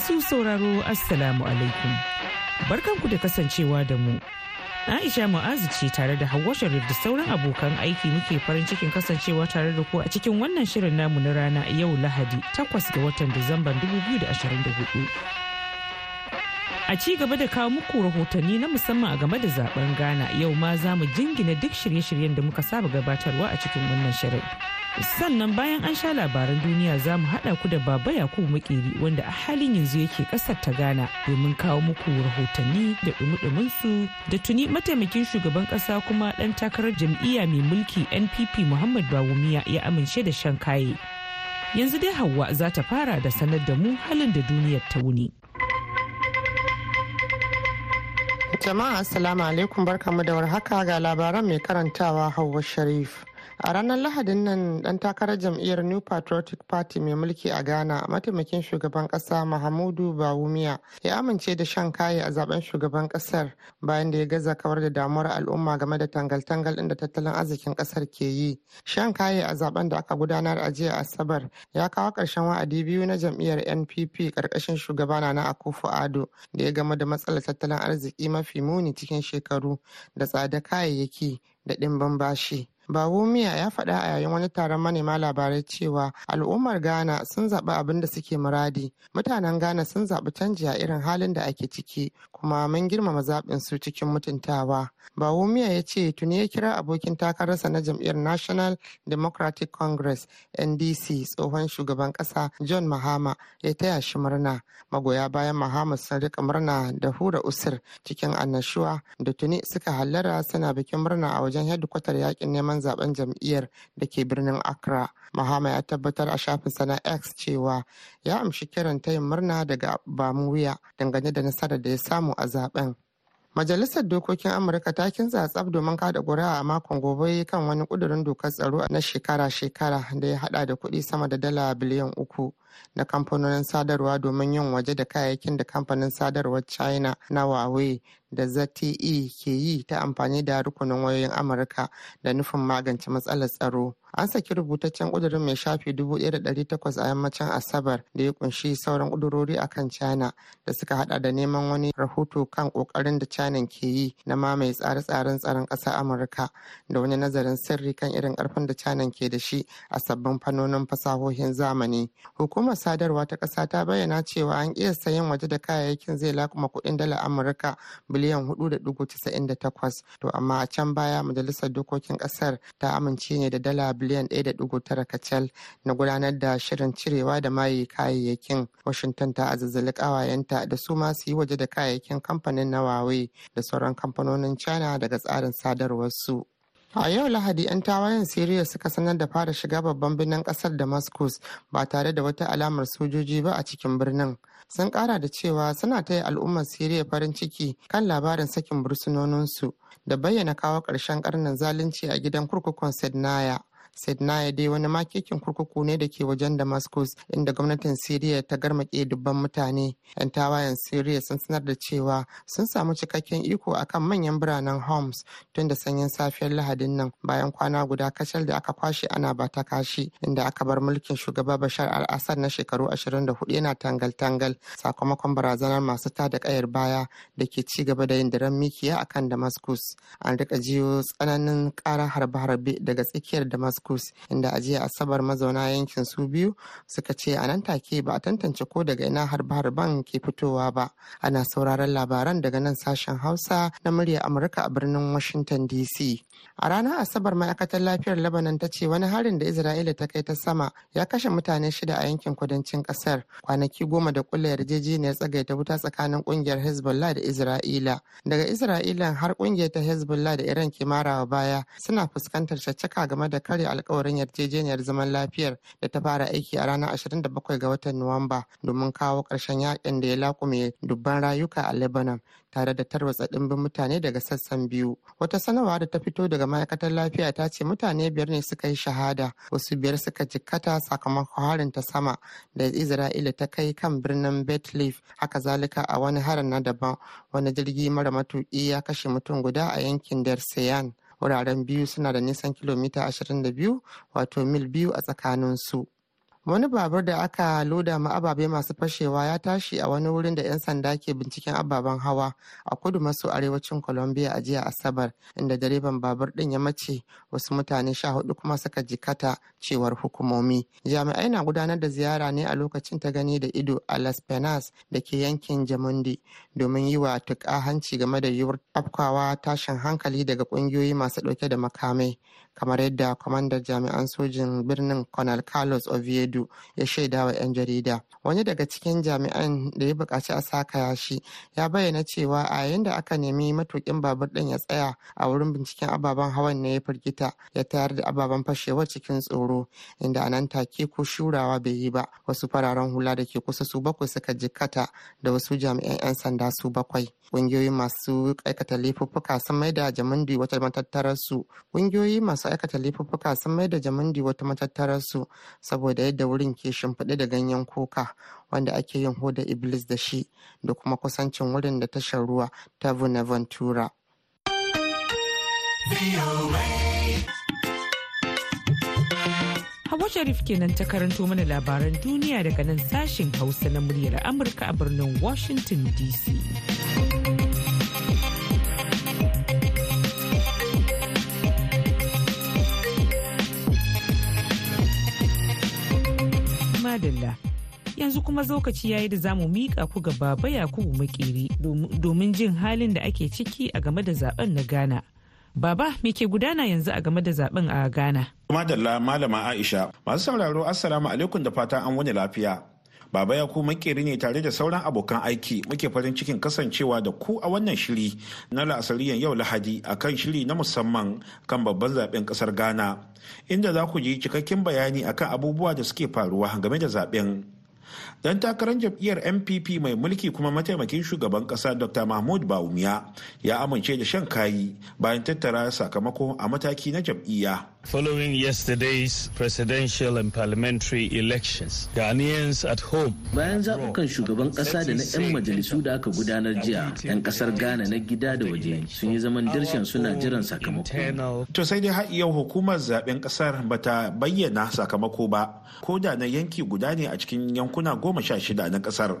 Masu sauraro Assalamu alaikum. Barkanku da kasancewa da mu. Aisha Mu'azu ce tare da Hauwa Sharif da sauran abokan aiki muke farin cikin kasancewa tare da ku a cikin wannan shirin namu na rana yau Lahadi 8 ga watan Disamban 2024. A ci gaba da kawo muku rahotanni na musamman a game da zaben Ghana yau ma za mu jingina duk shirye-shiryen da muka saba gabatarwa a cikin wannan shirin. sannan bayan an sha labaran duniya za mu haɗa ku da baba yakubu makeri wanda a halin yanzu yake ƙasar ta gana domin kawo muku rahotanni da ɗumi su da tuni mataimakin shugaban ƙasa kuma ɗan takarar jam'iyya mai mulki npp muhammad bawumiya ya amince da shan kaye yanzu dai hawa za ta fara da sanar da mu halin da duniyar ta wuni. jama'a assalamu alaikum barkamu da warhaka ga labaran mai karantawa hawa sharif a ranar lahadin nan dan takarar jam'iyyar new patriotic party mai mulki a ghana mataimakin shugaban kasa mahamudu bawumia ya amince da shan kaye a zaben shugaban kasar bayan da ya gaza kawar da damuwar al'umma game da tangal-tangal inda tattalin arzikin kasar ke yi shan kaye a zaben da aka gudanar a jiya asabar ya kawo karshen wa'adi biyu na jam'iyyar npp karkashin shugaba na akufu ado da ya game da matsalar tattalin arziki mafi muni cikin shekaru da tsada kayayyaki da ɗimbin bashi Bawumia ya faɗa a yayin wani taron manema labarai cewa al'ummar Ghana sun zaɓi abin da suke muradi. Mutanen Ghana sun zaɓi canji a irin halin da ake ciki kuma mun girmama zaɓin su cikin mutuntawa. Bawumia ya ce tuni ya kira abokin takararsa na jam'iyyar National Democratic Congress NDC tsohon shugaban ƙasa John Mahama ya taya shi murna. Magoya bayan Mahama sun rika murna da hura usir cikin annashuwa da tuni suka hallara suna bikin murna a wajen hedikwatar yakin neman zaben jam'iyyar da ke birnin accra mahama ya tabbatar a shafin sana x cewa ya amshi kiran ta yin murna daga bamuwiya dangane da nasarar da ya samu a zaben Majalisar Dokokin Amurka ta kintsa tsab domin kada ƙuri'a a makon gobe kan wani ƙudurin dokar tsaro na shekara-shekara da ya hada da kuɗi sama da dala biliyan uku. na kamfanonin sadarwa domin yin waje da kayayyakin da kamfanin sadarwar china na huawei da zte ke yi ta amfani da rukunin wayoyin amurka da nufin magance matsalar tsaro an saki rubutaccen kudurin mai shafi 1,800 a yammacin asabar da ya kunshi sauran kudurori a kan china da suka hada da neman wani rahoto kan ƙoƙarin da china ke yi na mamaye tsare-tsaren tsaron ƙasar amurka da wani nazarin sirri kan irin karfin da china ke da shi a sabbin fannonin fasahohin zamani hukumar hukumar sadarwa ta ƙasa ta bayyana cewa an iya sayan waje da kayayyakin zai lakuma kuɗin dala amurka biliyan 4.98 to amma a can baya majalisar dokokin ƙasar ta amince ne da dala biliyan 1.9 kacal na gudanar da shirin cirewa da maye kayayyakin washington ta azazzali ƙawayenta da su ma su yi waje da kayayyakin kamfanin na da sauran kamfanonin china daga tsarin sadarwar su. A yau Lahadi 'yan tawayen Siriya suka sanar da fara shiga babban birnin kasar Damascus ba tare da wata alamar sojoji ba a cikin birnin. Sun kara da cewa suna taya al'ummar Siriya farin ciki kan labarin sakin bursunoninsu da bayyana kawo ƙarshen karnin zalunci a gidan kurkukun Sednaya. dai wani makekin kurkuku ne da ke wajen Damascus inda gwamnatin Siriya ta garmake dubban mutane. 'Yan tawayen Siriya sun sanar da cewa sun samu cikakken iko akan manyan biranen Homs tun da sanyin safiyar Lahadin nan bayan kwana guda kacal da aka kwashe ana ba ta kashi inda aka bar mulkin shugaba Bashar al-Assad na shekaru ashirin da hudu yana tangal-tangal sakamakon barazanar masu tada kayar baya da ke ci gaba da yin daren mikiya akan Damascus. An rika jiyo tsananin ƙara harbe-harbe daga tsakiyar Damascus Couscous inda a jiya Asabar mazauna yankin su biyu suka ce a nan take ba a tantance ko daga ina harbe harban ke fitowa ba. Ana sauraron labaran daga nan sashen Hausa na murya Amurka a birnin Washington DC. A ranar Asabar ma'aikatar lafiyar Lebanon ta ce wani harin da Isra'ila ta kai ta sama ya kashe mutane shida a yankin kudancin kasar kwanaki goma da kulla yarjejeniyar tsagaita wuta tsakanin kungiyar Hezbollah da Isra'ila. Daga Isra'ila har kungiyar ta Hezbollah da Iran ke marawa baya suna fuskantar caccaka game da kare alkawarin yarjejeniyar zaman lafiyar da ta fara aiki a ranar 27 ga watan Nuwamba domin kawo ƙarshen yakin da ya lakume dubban rayuka a Lebanon tare da tarwatsa ɗimbin mutane daga sassan biyu. Wata sanarwa da ta fito daga ma'aikatar lafiya ta ce mutane biyar ne suka yi shahada, wasu biyar suka jikkata sakamakon harin ta sama da Isra'ila ta kai kan birnin Bethlehem haka zalika a wani harin na daban wani jirgi mara matuƙi ya kashe mutum guda a yankin Derseyan. wuraren biyu suna da nisan kilomita 22 wato mil biyu a tsakanin su wani babur da aka loda ma ababe masu fashewa ya tashi a wani wurin da 'yan sanda ke binciken ababen hawa a kudu maso arewacin colombia a jiya asabar inda direban babur din ya mace wasu mutane sha hudu kuma suka jikata cewar hukumomi jami'ai na gudanar da ziyara ne a lokacin ta gani da ido a las penas da ke yankin jamundi domin yi wa tuka hanci game da yiwuwar afkawa tashin hankali daga ƙungiyoyi masu ɗauke da makamai kamar yadda kwamandan jami'an sojin birnin Colonel Carlos Oviedo ya shaida wa 'yan jarida. Wani daga cikin jami'an da ya buƙaci a saka shi ya bayyana cewa a yayin da aka nemi matukin babur ɗin ya tsaya a wurin binciken ababen hawan ne ya firgita ya tayar da ababen fashewar cikin tsoro inda anan take ko shurawa bai yi ba wasu fararen hula da ke kusa su bakwai suka jikkata da wasu jami'an 'yan sanda su bakwai. Ƙungiyoyi masu aikata laifuffuka sun maida jamandi wata matattarar Ƙungiyoyi masu masu aikata laifuffuka sun mai da jamandi wata matattararsu saboda yadda wurin ke shimfiɗe da ganyen koka wanda ake yin hoda iblis da shi da kuma kusancin wurin da tashar ruwa ta Bonaventura. Hawa Sharif kenan ta karanto mana labaran duniya daga nan sashin Hausa na muryar Amurka a birnin Washington DC. Yanzu kuma zaukaci ya yi da za mu miƙa ku ga Baba Yakubu Makeri domin jin halin da ake ciki a game da zaben na Ghana. Baba me ke gudana yanzu a game da zaben a Ghana? kuma dalla Malama Aisha, masu sauraro Assalamu alaikum da fatan an wani lafiya. Baba ya ku makeri ne tare da sauran abokan aiki muke farin cikin kasancewa da ku a wannan shiri na la'asariyan yau Lahadi a kan shiri na musamman kan babban zaben kasar Ghana. Inda za ku ji cikakken bayani akan abubuwa da suke faruwa game da zaben. dan takarar jam'iyyar npp mai mulki kuma mataimakin shugaban kasa dr mahmud baumia ya amince da shan kayi bayan tattara sakamako a mataki na jam'iyya Following yesterday's presidential and parliamentary elections, Ghanaians at home. Bayan zaɓukan shugaban ƙasa da na 'yan majalisu da aka gudanar jiya, 'yan ƙasar Ghana na gida da waje sun yi zaman dirshan suna jiran sakamako. To sai dai har yau hukumar zaɓen ƙasar bata bayyana sakamako ba, ko da na yanki guda ne a cikin yankuna goma goma sha shida na kasar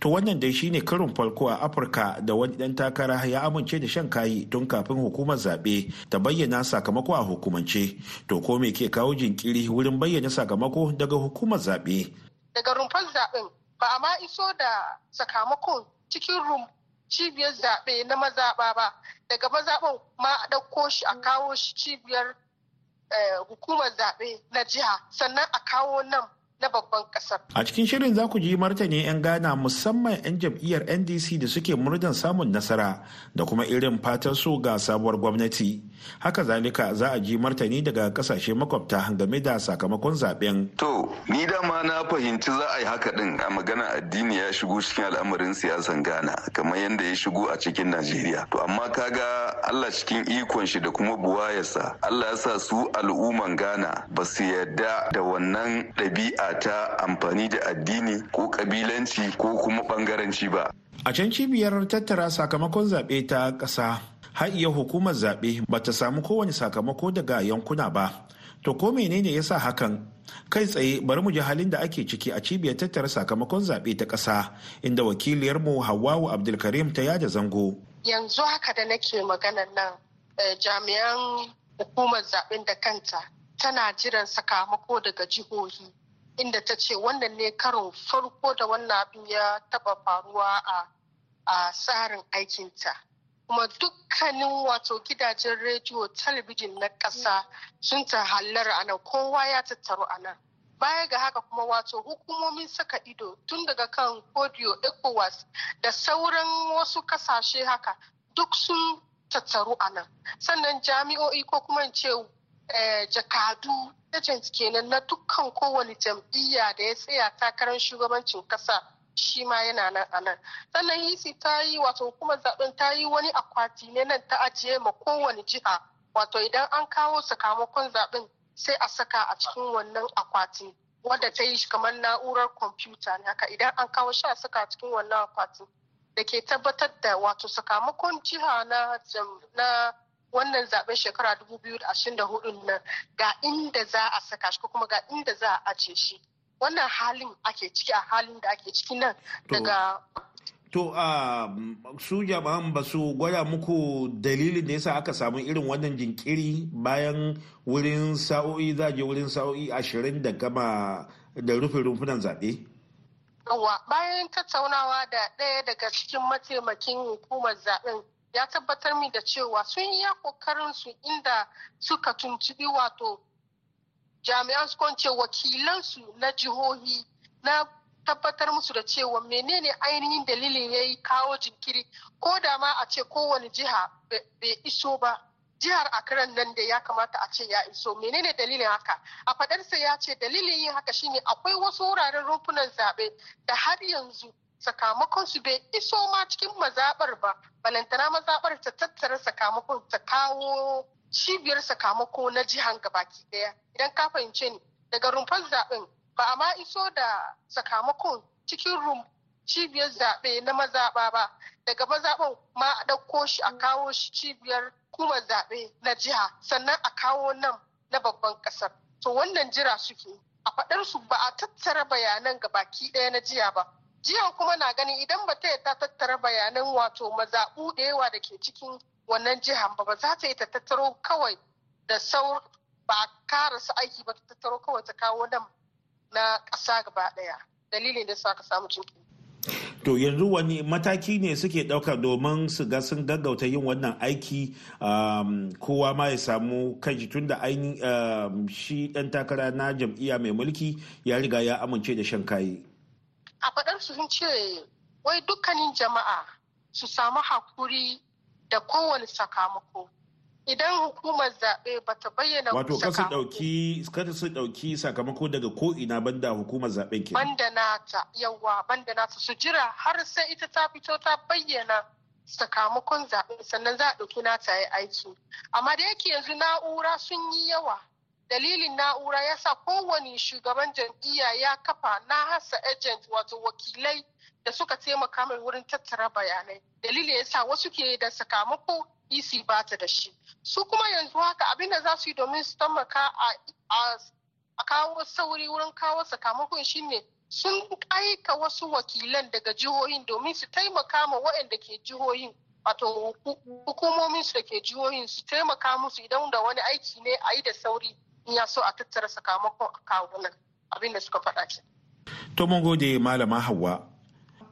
to wannan dai shine karin farko a afirka da wani dan takara ya amince da shan kayi tun kafin hukumar zaɓe ta bayyana sakamako a hukumance to ko me ke kawo jinkiri wurin bayyana sakamako daga hukumar zaɓe daga rumfar zaɓen ba a ma iso da sakamakon cikin rum cibiyar zaɓe na mazaɓa ba daga mazaɓan ma a ɗauko shi a kawo shi cibiyar eh, hukumar zaɓe na jiha sannan a kawo nan na babban kasar. A cikin shirin za ku ji martani 'yan Ghana musamman 'yan jam'iyyar NDC da suke murdan samun nasara da kuma irin fatan su ga sabuwar gwamnati. Haka zalika za a ji martani daga kasashe makwabta game da sakamakon zaben. To, ni dama na fahimci za a yi haka din a magana addini ya shigo cikin al'amarin siyasan Ghana kamar yadda ya shigo a cikin Najeriya. To amma kaga Allah cikin ikon shi da kuma buwayarsa Allah ya sa su al'umman Ghana ba su yarda da wannan ɗabi'a ta amfani da addini ko kabilanci ko kuma bangaranci ba. A can cibiyar tattara sakamakon zaɓe ta ƙasa har iya hukumar zaɓe ba ta samu kowane sakamako daga yankuna ba. To ko menene ya sa hakan? Kai tsaye bari mu ji halin da ake ciki a cibiyar tattara sakamakon zaɓe ta ƙasa inda wakiliyarmu Hawwawu Abdulkarim ta yada zango. Yanzu haka da nake maganar nan eh, jami'an hukumar zaɓen da kanta tana jiran sakamako daga jihohi inda ta ce wannan ne karin farko da wannan abin ya taba faruwa a tsarin aikinta kuma dukkanin wato gidajen rediyo talabijin na ƙasa sun ta hallar a nan kowa ya tattaru a nan baya ga haka kuma wato hukumomin saka ido tun daga kan kodiyo ecowas da sauran wasu kasashe haka duk sun tattaru a nan sannan jami'o'i ko kuma in ce Eh, jakadu agent kenan na dukkan kowane jam'iyya da ya tsaya takarar shugabancin kasa shi ma yana nan a nan sannan hisi ta yi wato hukumar zaben ta yi wani akwati ne nan ta ajiye ma kowane jiha wato idan an kawo sakamakon zaben sai a saka a cikin wannan akwati wanda ta yi kamar na'urar kwamfuta ne haka idan an kawo shi a saka a cikin wannan akwati da ke tabbatar da wato sakamakon jiha na wannan zaben shekara 2024 nan ga inda za a saka shi ko kuma ga inda za a ace shi wannan halin ake ciki a halin da ake ciki nan daga To a um, su jama'an ba su gwada muku dalilin da yasa aka samu irin wannan jinkiri bayan wurin sa'o'i za je wurin sa'o'i ashirin da gama da rufe rumfunan zaɓe? bayan tattaunawa da ɗaya daga cikin mataimakin hukumar zaɓen ya tabbatar mi da cewa sun yi kokarin su inda suka tuntubi wato jami'an su ce wakilansu na jihohi na tabbatar musu da cewa menene ainihin dalilin ya yi kawo jinkiri ko da ma a ce kowane jiha bai iso ba jihar Akran nan da ya kamata a ce ya iso menene dalilin haka a fadarsa ya ce dalilin yin haka shine akwai wasu wuraren rumfunan zaɓe da har yanzu sakamakon su bai iso ma cikin mazaɓar ba balantana mazaɓar ta tattara sakamakon ta kawo cibiyar sakamako na jihan gabaki daya idan ka fahimce ni daga rumfar zaɓen ba a ma iso da sakamakon cikin rum cibiyar zaɓe na mazaɓa ba daga mazaɓan ma a ɗauko shi a kawo shi cibiyar kuma zaɓe na jiha sannan a kawo nan na babban ƙasar to wannan jira suke a faɗar su ba a tattara bayanan gabaki baki ɗaya na jiya ba jiya kuma na gani idan ba ta ta tattara bayanan wato mazaɓu da yawa da ke cikin wannan jihar ba ba za ta yi ta tattaro kawai da saur ba kara su aiki ba ta tattaro kawai ta kawo nan na ƙasa gaba ɗaya dalilin da suka samu cikin to yanzu wani mataki ne suke ɗauka domin su ga sun gaggauta yin wannan aiki um, kowa ma ya samu kaji tun da um, shi ɗan takara na jam'iyya mai mulki ya riga ya amince da shan kayi. a faɗar su sun ce wai dukkanin jama'a su samu hakuri da kowane sakamako idan hukumar zaɓe ba ta bayyana wato kasu ɗauki su ɗauki sakamako daga ko ina banda hukumar zaɓe ke banda nata yawa banda nata su jira har sai ita ta fito ta bayyana sakamakon zaɓe sannan za a ɗauki nata ya aiki amma da yake yanzu na'ura sun yi yawa dalilin na'ura ya sa kowane shugaban jam'iyya ya kafa na hasa agent wato wakilai da suka taimaka mai wurin tattara bayanai dalilin ya sa wasu ke da sakamako ec ba ta da shi su kuma yanzu haka abin da za su yi domin su taimaka a kawo sauri wurin kawo sakamakon shine sun aika wasu wakilan daga jihohin domin su taimaka ma waɗanda ke jihohin wato hukumomin su da ke jihohin su taimaka musu idan da wani aiki ne a yi da sauri ya so a tattara sakamakon a kawo abin da suka faɗa ce. To mun gode malama Hauwa.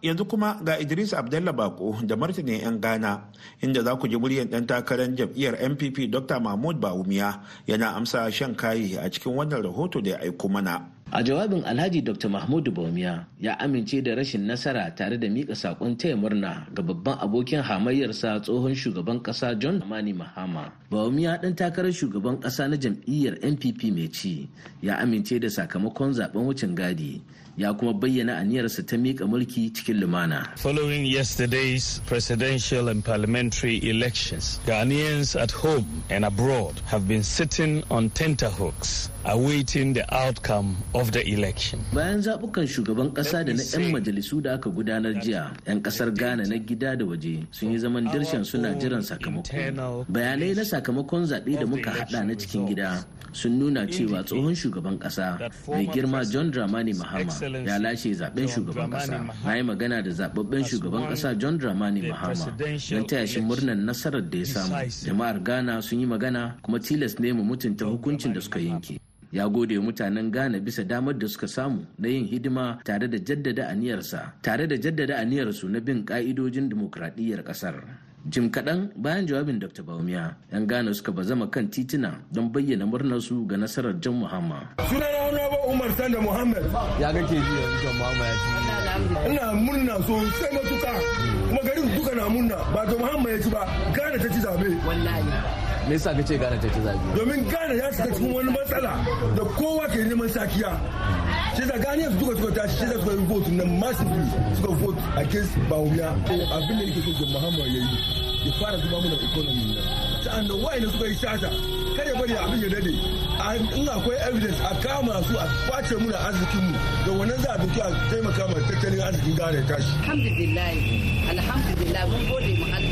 Yanzu kuma ga Idris Abdallah Bako da martinin 'yan Ghana inda za ku ji muryar ɗan takarar jam'iyyar MPP Dr. Mahmud bawumia yana amsa shan kayi a cikin wannan rahoto da ya aiko mana. A jawabin Alhaji Dr. Mahmudu Baumiya ya amince da rashin nasara tare da mika sakon taya murna ga babban abokin hamayyarsa tsohon shugaban kasa John amani Mahama. Baumiya dan takarar shugaban kasa na jam'iyyar NPP mai ci ya amince da sakamakon zaben wucin gadi ya kuma bayyana aniyarsa ta miƙa mulki cikin lumana. Following yesterday's presidential and parliamentary elections, Ghanaians at home and abroad have been sitting on tenterhooks awaiting the outcome of the election. Bayan zaɓukan shugaban ƙasa da na 'yan majalisu da aka gudanar jiya, 'yan ƙasar Ghana na gida da waje sun yi zaman dirshan suna jiran sakamako. Bayanai na sakamakon zaɓe da muka haɗa na cikin gida sun nuna cewa tsohon shugaban kasa mai girma john dramani mahama ya lashe zaben shugaban kasa na yi magana da zababben shugaban kasa john dramani mahama don taya shi murnar nasarar da ya samu jama'ar ghana sun yi magana kuma tilas ne mu mutunta hukuncin da suka yanke ya gode mutanen Ghana bisa damar da suka samu na yin hidima tare da jaddada aniyarsa tare da jaddada aniyarsu na bin ka'idojin dimokuraɗiyyar ƙasar. jim kaɗan bayan jawabin dr baumiya yan gane suka bazama kan tituna don bayyana murnarsu ga nasarar jan muhamma suna na wani ba umar sanda muhammad ya ke ji jan muhamma ya ci ina murna sosai matuka kuma garin duka na murna ba jan muhammad ya ci ba gane ta ci zabe wallahi me yasa ka ce Ghana ta ci zagi domin Ghana ya shiga cikin wani matsala da kowa ke neman sakiya shi da gane su duka suka tashi shi da suka vote na massively suka vote against bawuya abin da yake so da Muhammad yi ya fara zuba mana economy na sa'an da wa'ina suka yi shata kada bari abin ya dade in akwai evidence a kama su a kwace mu da arzikin mu da wannan za a duki a taimaka ma tattalin arzikin Ghana ya tashi alhamdulillah alhamdulillah mun gode mu Allah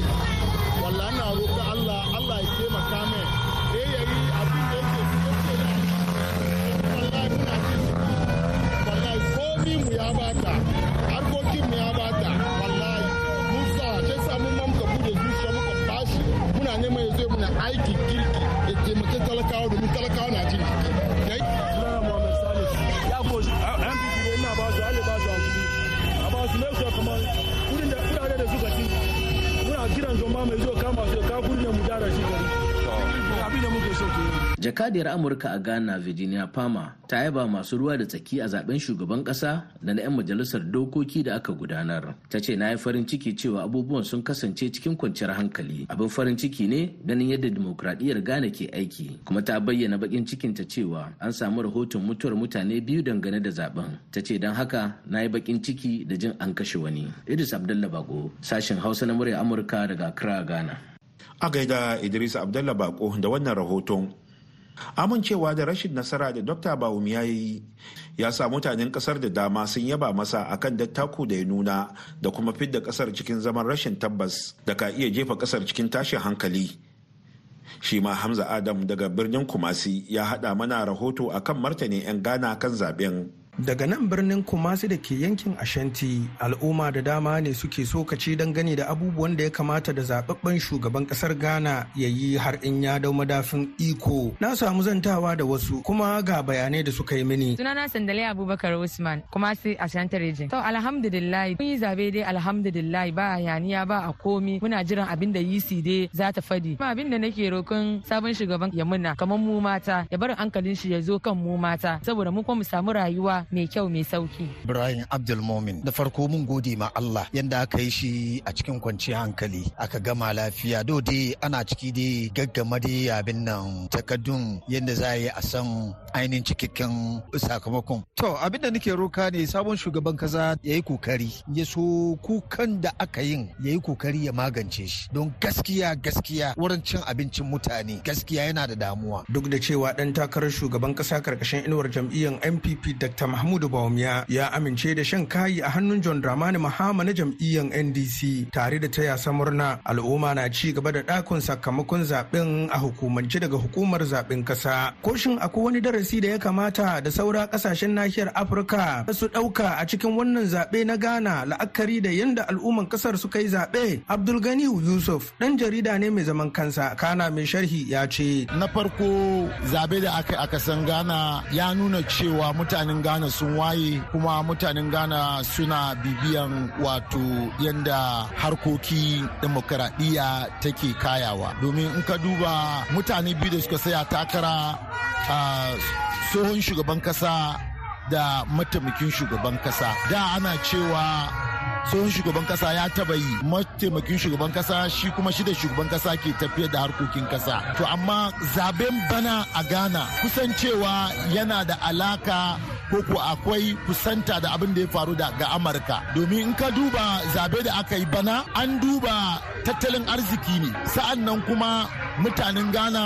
jakadiyar amurka a ghana virginia palmer ta yaba masu ruwa da tsaki a zaben shugaban kasa da na 'yan majalisar dokoki da aka gudanar ta ce na yi farin ciki cewa abubuwan sun kasance cikin kwanciyar hankali abin farin ciki ne ganin yadda dimokuraɗiyar ghana ke aiki kuma ta bayyana bakin cikin ta cewa an samu rahoton mutuwar mutane biyu dangane da zaben ta ce don haka na yi bakin ciki da jin an kashe wani idris abdallah bago sashen hausa na murya amurka daga accra ghana a gaida idris abdallah bako da wannan rahoton amincewa da rashin nasara da dr bawum ya yi ya sa mutanen kasar da dama sun yaba masa akan dattako da ya nuna da kuma fidda kasar cikin zaman rashin tabbas da ka iya jefa kasar cikin tashin hankali shi ma hamza adam daga birnin kumasi ya hada mana rahoto akan martanin 'yan ghana kan zaben daga nan birnin kumasi da ke yankin ashanti al'umma da dama ne suke sokaci don gani da abubuwan da ya kamata da zababben shugaban kasar ghana ya yi har in ya dau madafin iko na samu zantawa da wasu kuma ga bayanai da suka yi mini sunana sandale abubakar usman kumasi ashanti region to alhamdulillah kun yi zabe dai alhamdulillah ba yaniya ba a komi muna jiran abin da yisi e dai za ta fadi kuma abin da nake rokon sabon shugaban ya muna kamar mu mata ya bar hankalin shi ya zo kan mu mata saboda mu kuma mu samu rayuwa mai kyau mai sauki. Ibrahim Abdul Momin da farko mun gode ma Allah yadda aka yi shi a cikin kwanciyar hankali aka gama lafiya do dai ana ciki dai gaggama dai abin nan takaddun yadda za a yi a san ainihin cikakken sakamakon. To abin da nake roka ne sabon shugaban kaza ya yi kokari ya so kukan da aka yin ya yi kokari ya magance shi don gaskiya gaskiya wurin cin abincin mutane gaskiya yana da damuwa. Duk da cewa ɗan takarar shugaban ƙasa karkashin inuwar jam'iyyar NPP Dr. mahmudu bawumia ya amince da shan kayi a hannun john dramani mahama na jam'iyyar ndc tare da taya samurna murna al'umma na ci gaba da ɗakun sakamakon zaɓen a hukumance daga hukumar zaɓen ƙasa shin akwai wani darasi da ya kamata da saura ƙasashen nahiyar afirka su ɗauka a cikin wannan zaɓe na ghana la'akari da yadda al'umman ƙasar suka yi zaɓe abdulgani yusuf ɗan jarida ne mai zaman kansa kana mai sharhi ya ce na farko zaɓe da aka a kasan ghana ya nuna cewa mutanen ghana ghana sun waye kuma mutanen ghana suna bibiyan wato yadda harkoki demokaradiyya take kayawa domin in ka duba mutane biyu da suka saya takara a tsohon shugaban kasa da mataimakin shugaban kasa da ana cewa tsohon shugaban kasa ya taba yi mataimakin shugaban kasa shi kuma shi da shugaban kasa ke tafiyar da harkokin kasa to amma zaben bana a ghana kusancewa yana da alaka ko ko akwai kusanta da abin da ya faru da ga amurka domin in ka duba zabe da aka yi bana an duba tattalin arziki ne sa'an nan kuma mutanen ghana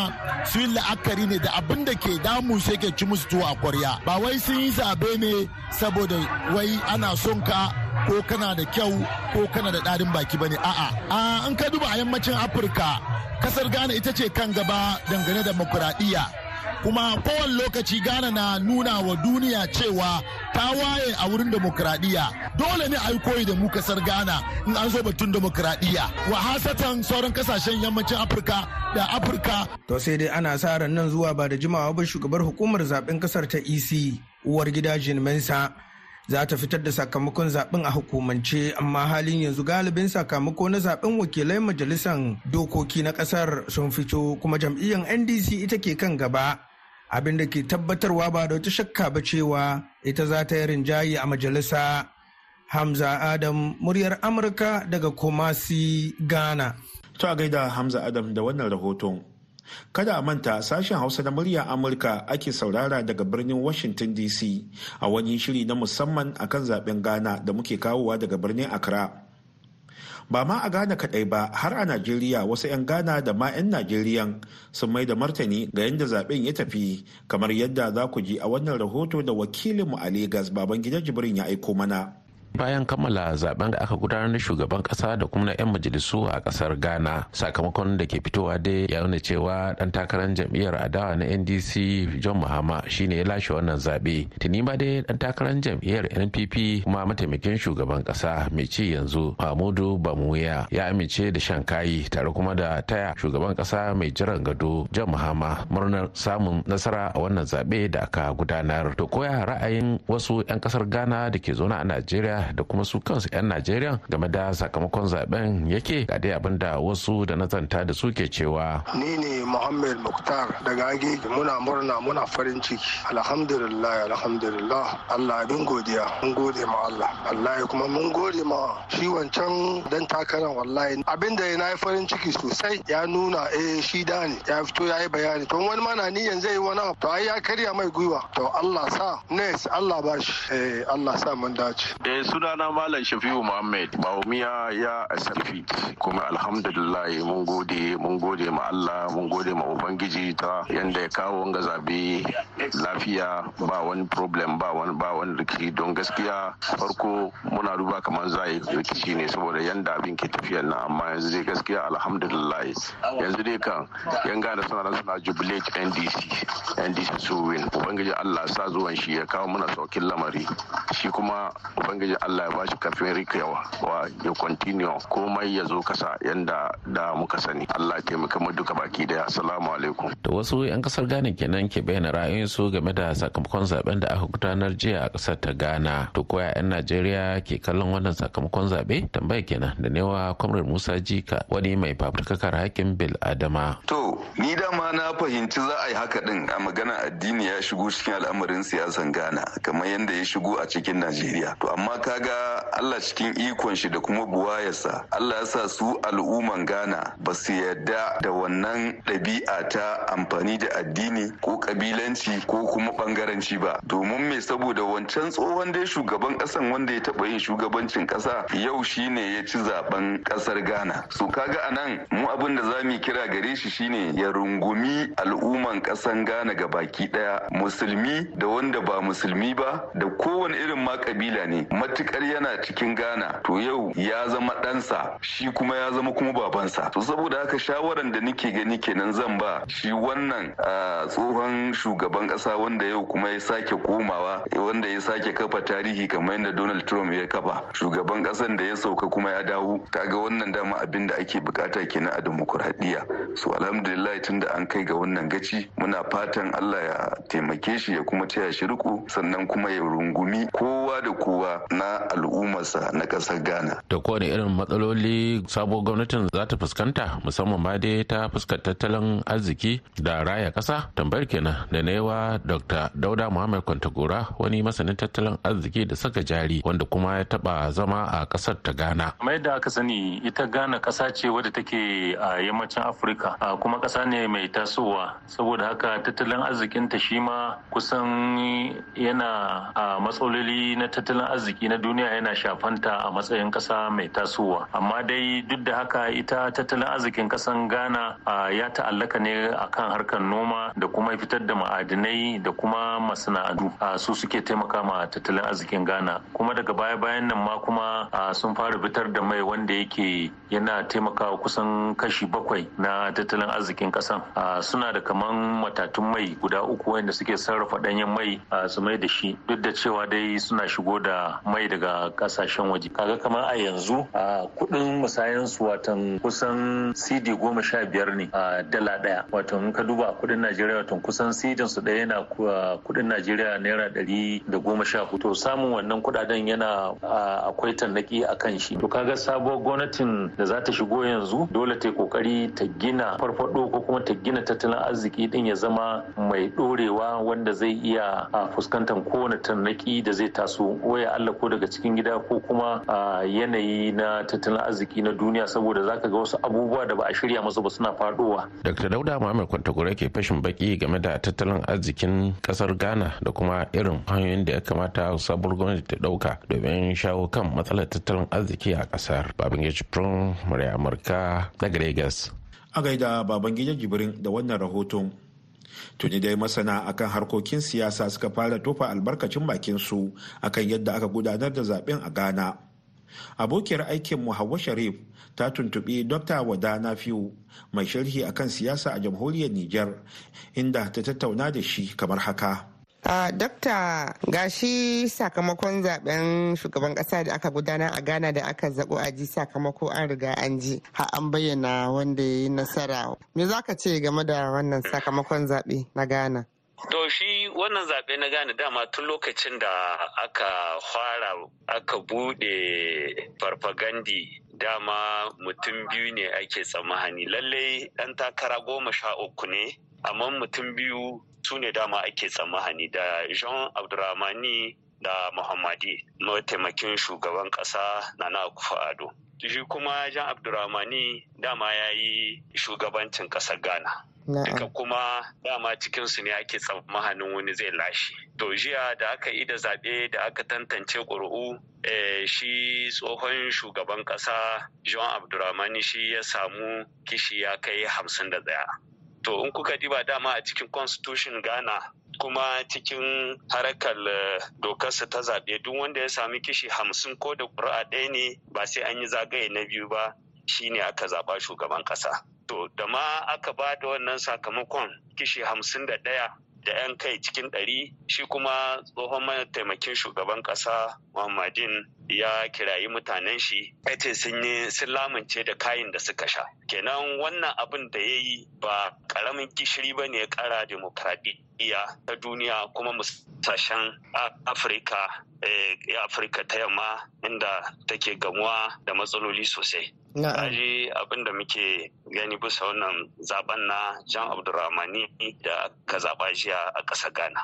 su yi la'akari ne da abin da ke damu sai ke ci musu tuwa a kwarya ba wai sun yi zabe ne saboda wai ana son ka ko kana da kyau ko kana da ɗarin baki bane a'a a in ka duba a yammacin afirka kasar ghana ita ce kan gaba dangane da makuraɗiyya kuma kowane lokaci ghana na nuna wa duniya cewa ta waye a wurin demokradiyya dole ne a koyi da mu kasar ghana in an zo batun demokradiyya wa hasatan sauran kasashen yammacin afirka da afirka to sai dai ana sa ran nan zuwa ba da jimawa ba shugabar hukumar zaben kasar ta ec uwar gida jin mensa za ta fitar da sakamakon zaben a hukumance amma halin yanzu galibin sakamako na zaben wakilai majalisar dokoki na kasar sun fito kuma jam'iyyar ndc ita ke kan gaba abin da ke tabbatarwa ba da wata shakka ba cewa ita za ta yi rinjayi a majalisa hamza adam muryar amurka daga kumasi ghana to a gaida hamza adam da wannan rahoton kada a manta sashen hausa na muryar amurka ake saurara daga birnin washington dc a wani shiri na musamman akan zaben ghana da muke kawowa daga birnin accra ba ma a ghana kaɗai ba har a najeriya wasu 'yan gana da ma 'yan najeriyan sun mai da martani ga yadda zaben ya tafi kamar yadda za ku ji a wannan rahoto da wakilinmu a Legas baban gida jibrin ya aiko mana bayan kammala zaben da aka gudanar na shugaban kasa da kuma na 'yan majalisu a kasar ghana sakamakon da ke fitowa dai ya nuna cewa dan takarar jam'iyyar adawa na ndc john mahama shine ya lashe wannan zaɓe tuni ma dai dan takarar jam'iyyar npp kuma mataimakin shugaban kasa mai ci yanzu mahmudu bamuya ya amince da shan kayi tare kuma da taya shugaban kasa mai jiran gado john mahama murnar samun nasara a wannan zaɓe da aka gudanar to koya ra'ayin wasu 'yan kasar ghana da ke zaune a najeriya da kuma su kansu 'yan najeriya game da sakamakon zaben yake ga dai abin da wasu da na zanta da su ke cewa ni ne muhammad muktar daga age muna murna muna farin ciki alhamdulillah alhamdulillah allah abin godiya mun gode ma allah allah kuma mun gode ma shi wancan dan takaran wallahi abin da na yi farin ciki sosai ya nuna eh shi da ne ya fito ya yi bayani to wani mana ni yanzu yi wani abu to ai ya karya mai gwiwa to allah sa nes allah ba shi eh allah sa mun dace sunana Malam Shafi'u Muhammad Bawumiya ya asafi kuma alhamdulillah mun gode mun gode ma Allah mun gode ma Ubangiji ta yanda ya kawo wanga zabe lafiya ba wani problem ba wani ba wani rikici don gaskiya farko muna duba kamar za yi rikici ne saboda yanda abin ke tafiya nan amma yanzu dai gaskiya alhamdulillah yanzu dai kan yan gane suna suna jubilate NDC NDC su win Ubangiji Allah sa zuwan shi ya kawo muna saukin lamari shi kuma Ubangiji allah ya ba shi kafin rikewa wa ya continue komai ya zo kasa yanda da muka sani allah taimaka mu duka baki daya assalamu alaikum To wasu yan kasar ghana kenan ke bayyana ra'ayoyin su game da sakamakon zaben da aka gudanar jiya a kasar ta ghana to koya yan najeriya ke kallon wannan sakamakon zabe tambaya kenan da newa Comrade musa jika wani mai fafutukar hakkin bil adama to ni dama na fahimci za a yi haka din a magana addini ya shigo cikin al'amarin siyasan ghana kamar yadda ya shigo a cikin najeriya to amma kaga Allah cikin ikon shi da kuma buwayarsa Allah ya sa su al'umman Ghana ba su yarda da wannan ɗabi'a ta amfani da addini ko kabilanci ko kuma ɓangaranci ba domin me saboda wancan tsohon dai shugaban ƙasan wanda ya taɓa yin shugabancin ƙasa yau shine ya ci zaɓen ƙasar gana. so kaga anan mu abin da za mu kira gare shi shine ya rungumi al'umman ƙasan gana ga baki ɗaya musulmi da wanda ba musulmi ba da kowane irin ma kabila ne matukar yana cikin Ghana to yau ya zama ɗansa shi kuma ya zama kuma babansa to saboda haka shawaran da nike gani kenan zan ba shi wannan tsohon shugaban ƙasa wanda yau kuma ya sake komawa wanda ya sake kafa tarihi kamar yadda Donald Trump ya kafa shugaban ƙasan da ya sauka kuma ya dawo kaga wannan dama abin da ake bukata kenan a dimokuraɗiyya so alhamdulillah tunda an kai ga wannan gaci muna fatan Allah ya taimake shi ya kuma taya shi riko sannan kuma ya rungumi kowa da kowa na na al'ummarsa na ƙasar ghana da kowane irin matsaloli sabuwar gwamnatin za ta fuskanta musamman ma dai ta fuskar tattalin arziki da raya ƙasa tambayar kenan da naiwa dr dauda muhammad kwantagora wani masanin tattalin arziki da saka jari wanda kuma ya taɓa zama a kasar ta ghana mai da aka sani ita ghana ƙasa ce wadda take a yammacin afirka kuma ƙasa ne mai tasowa saboda haka tattalin arzikinta shi ma kusan yana a matsaloli na tattalin arziki na na duniya yana shafanta a matsayin kasa mai tasowa amma dai duk da haka ita tattalin arzikin kasan ghana ya ta'allaka ne akan harkar noma da kuma fitar da ma'adinai da kuma masana'antu su suke taimaka ma tattalin arzikin ghana kuma daga baya-bayan nan ma kuma sun fara fitar da mai wanda yake yana taimakawa kusan kashi bakwai na tattalin arzikin kasan suna da kaman matatun mai guda uku wanda suke sarrafa ɗanyen mai su mai da shi duk da cewa dai suna shigo da mai mai daga kasashen waje kaga kamar a yanzu a kudin musayan su watan kusan cd goma sha biyar ne a dala daya watan ka duba a kudin najeriya watan kusan cd su daya yana kudin najeriya naira dari da goma sha to samun wannan kudaden yana akwai tannaki a kan shi to kaga sabuwar gwamnatin da za ta shigo yanzu dole ta yi kokari ta gina farfado ko kuma ta gina tattalin arziki din ya zama mai dorewa wanda zai iya fuskantar kowane tannaki da zai taso waya allah ko da daga cikin gida ko kuma yanayi na tattalin arziki na duniya saboda zaka ga wasu abubuwa da ba a shirya musu ba suna faɗowa. Dr. Dauda Muhammad Kwantagura ke fashin baki game da tattalin arzikin kasar Ghana da kuma irin hanyoyin da ya kamata sabuwar gwamnati ta ɗauka domin shawo kan matsalar tattalin arziki a kasar. Babangiji Prum, Murya Amurka, daga Lagos. A gaida Babangida Jibrin da wannan rahoton tuni dai masana akan harkokin siyasa suka fara tofa albarkacin bakin su akan yadda aka gudanar da zaben a ghana abokiyar aikin hawa sharif ta tuntubi dr wadana fiyu mai sharhi akan siyasa a jamhuriyar niger inda ta tattauna da shi kamar haka a Dokta gashi sakamakon zaben shugaban kasa da aka gudana a Ghana da aka zabo a ji sakamako an riga an ji ha an bayyana wanda ya yi nasara. Me za ka ce game da wannan sakamakon zaɓe na Ghana? To shi wannan zaɓe na Ghana dama tun lokacin da aka fara aka buɗe farfagandi dama mutum biyu ne ake tsammani lallai ɗan takara goma sha uku ne amma mutum biyu sune dama ake tsammani da jean abdurrahmani da muhammadi mataimakin shugaban ƙasa na na ado shi kuma jean abdurrahmani dama ya yi shugabancin ƙasar ghana duka kuma dama cikinsu ne ake tsammanin wani zai lashe to jiya da aka yi da zaɓe da aka tantance ƙuri'u eh, shi tsohon shugaban ƙasa jean abdurrahmani shi ya samu kishi ya kai hamsin da ɗaya to in kuka diba dama a cikin constitution ghana kuma cikin harakar eh, dokarsa ta zaɓe duk wanda ya sami kishi hamsin ko da ƙuri'a ɗaya ne ba sai an yi zagaye na biyu ba shine aka zaɓa shugaban ƙasa to da ma aka ba da wannan sakamakon kishi hamsin da ɗaya da 'yan kai cikin ɗari shi kuma tsohon mataimakin shugaban ƙasa muhammadin ya kirayi mutanen shi Ya ce sun yi sun lamince da kayan da suka sha kenan wannan abin da ya yi ba karamin gishiri ba ne ya kara demokradiyya ta duniya kuma musashen afirka eh, afirka ta yamma inda take gamuwa da matsaloli sosai Kaji abin da muke gani bisa wannan zaben na Jan abdulrahmani da ka zaba jiya a ƙasa Ghana.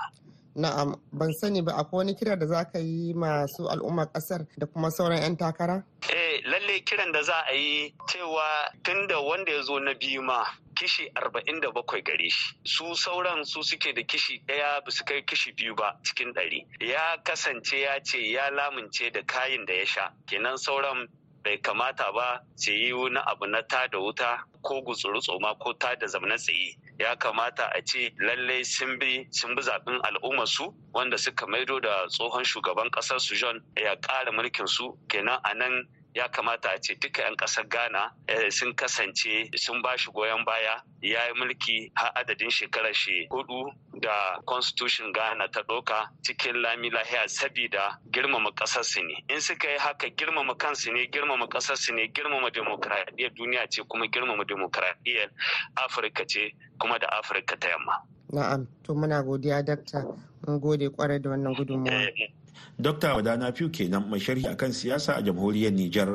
Na'am, ban sani ba akwai wani kira da za ka yi masu al'ummar kasar da kuma sauran 'yan takara? Eh, lalle kiran da za a yi cewa tun da wanda ya zo na biyu ma kishi arba'in da bakwai gare shi su sauran su suke da kishi ɗaya ba su kai kishi biyu ba cikin ɗari ya kasance ya ce ya lamince da kayan da ya sha kenan sauran bai kamata ba su yi na abu na tada wuta ko gutsuru tsoma ko tada zamna tsaye ya kamata a ce lallai sun bi sun bi zaɓen al'ummarsu wanda suka maido da tsohon shugaban ƙasar su john ya ƙara mulkin su kenan a nan ya kamata a ce duka 'yan ƙasar ghana eh, sun kasance sun ba shi goyon baya ya yi mulki har adadin shekarar shi hudu da constitution ghana ta ɗauka cikin lami lahiya sabida girmama ƙasarsu ne in suka yi haka girmama kansu ne girmama ƙasarsu ne girmama demokradiyyar duniya ce kuma girmama demokradiyyar afirka ce kuma da afirka ta yamma na'am to muna godiya dakta mun gode kwarai da wannan gudunmawa eh, Dr. Wadana Piu kenan mai sharhi akan siyasa a jamhuriyar Nijar.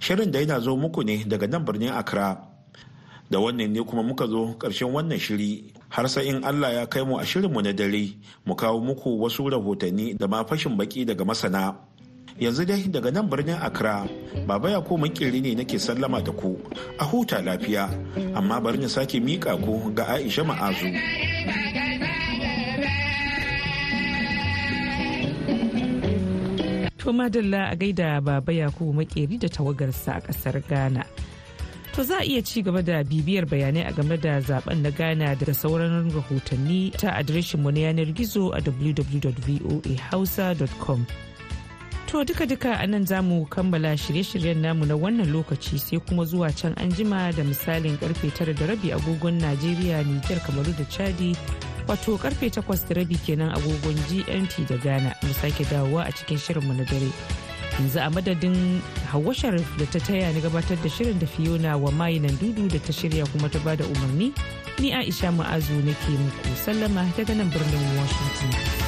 Shirin da yana zo muku ne daga nan birnin Accra. Da wannan ne kuma muka zo ƙarshen wannan shiri har sai in Allah ya kai mu a shirinmu na dare mu kawo muku wasu rahotanni da ma fashin baki daga masana. Yanzu dai daga nan birnin Accra, Baba ya ko makiri ne nake sallama da ku a huta lafiya, amma bari na sake miƙa ku ga Aisha Ma'azu. To madalla a gaida baba Yakubu makeri da tawagarsa a kasar Ghana. To za a iya ci gaba da bibiyar bayanai a game da zaben na Ghana da sauran rahotanni ta adireshinmu na yanar gizo a www.voahausa.com. To duka-duka a nan za mu kammala shirye-shiryen namu na wannan lokaci sai kuma zuwa can anjima da misalin karfe tara da rabi agogon Najeriya, Nijar, Kamaru da Chadi wato karfe takwas da rabi kenan agogon gmt da ghana mu sake dawowa a cikin shirinmu na dare yanzu a madadin hawa sharif da ta taya ni gabatar da shirin da fiona wa nan dudu da ta shirya kuma ta bada umarni ni aisha ma'azu nake muku sallama daga nan birnin washington